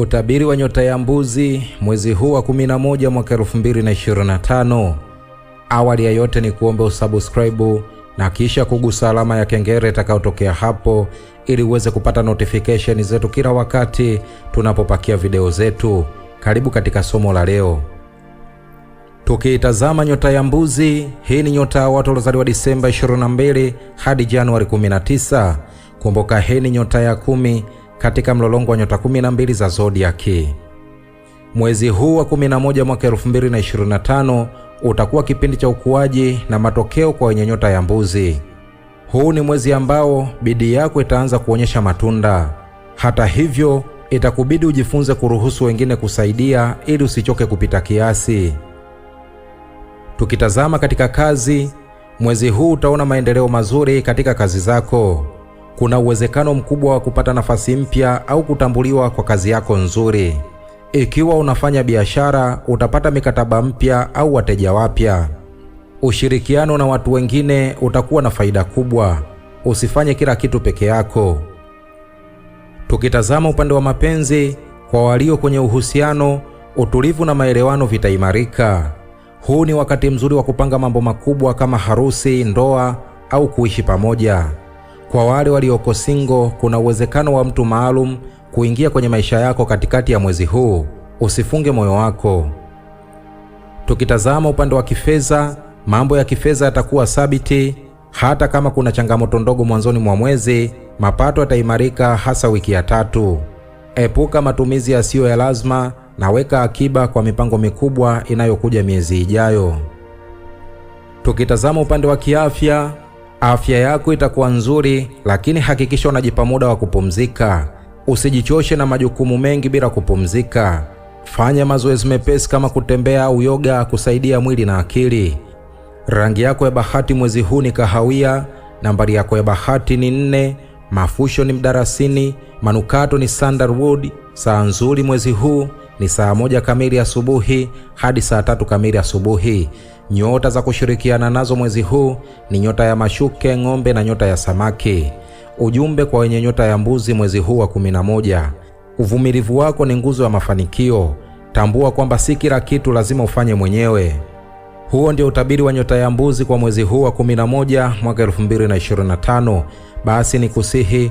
Utabiri wa nyota ya mbuzi mwezi huu wa 11 mwaka 2025. Awali ya yote ni kuombe usubscribe na kisha kugusa alama ya kengele itakayotokea hapo ili uweze kupata notification zetu kila wakati tunapopakia video zetu. Karibu katika somo la leo. Tukiitazama nyota ya mbuzi, hii ni nyota ya watu waliozaliwa Disemba 22 hadi Januari 19. Kumbuka hii ni nyota ya kumi katika mlolongo wa nyota 12 za zodiaki. Mwezi huu wa 11 mwaka 2025 utakuwa kipindi cha ukuaji na matokeo kwa wenye nyota ya mbuzi. Huu ni mwezi ambao bidii yako itaanza kuonyesha matunda. Hata hivyo, itakubidi ujifunze kuruhusu wengine kusaidia ili usichoke kupita kiasi. Tukitazama katika kazi, mwezi huu utaona maendeleo mazuri katika kazi zako kuna uwezekano mkubwa wa kupata nafasi mpya au kutambuliwa kwa kazi yako nzuri. Ikiwa unafanya biashara, utapata mikataba mpya au wateja wapya. Ushirikiano na watu wengine utakuwa na faida kubwa. Usifanye kila kitu peke yako. Tukitazama upande wa mapenzi, kwa walio kwenye uhusiano, utulivu na maelewano vitaimarika. Huu ni wakati mzuri wa kupanga mambo makubwa kama harusi, ndoa au kuishi pamoja. Kwa wale walioko single, kuna uwezekano wa mtu maalum kuingia kwenye maisha yako katikati ya mwezi huu. Usifunge moyo wako. Tukitazama upande wa kifedha, mambo ya kifedha yatakuwa thabiti. Hata kama kuna changamoto ndogo mwanzoni mwa mwezi, mapato yataimarika, hasa wiki ya tatu. Epuka matumizi yasiyo ya lazima na weka akiba kwa mipango mikubwa inayokuja miezi ijayo. Tukitazama upande wa kiafya Afya yako itakuwa nzuri, lakini hakikisha unajipa muda wa kupumzika. Usijichoshe na majukumu mengi bila kupumzika. Fanya mazoezi mepesi kama kutembea au yoga kusaidia mwili na akili. Rangi yako ya bahati mwezi huu ni kahawia. Nambari yako ya bahati ni nne. Mafusho ni mdarasini. Manukato ni sandalwood. Saa nzuri mwezi huu ni saa moja kamili asubuhi hadi saa tatu kamili asubuhi. Nyota za kushirikiana nazo mwezi huu ni nyota ya mashuke, ng'ombe na nyota ya samaki. Ujumbe kwa wenye nyota ya mbuzi mwezi huu wa kumi na moja: uvumilivu wako ni nguzo ya mafanikio. Tambua kwamba si kila kitu lazima ufanye mwenyewe. Huo ndio utabiri wa nyota ya mbuzi kwa mwezi huu wa 11 mwaka 2025. Basi ni kusihi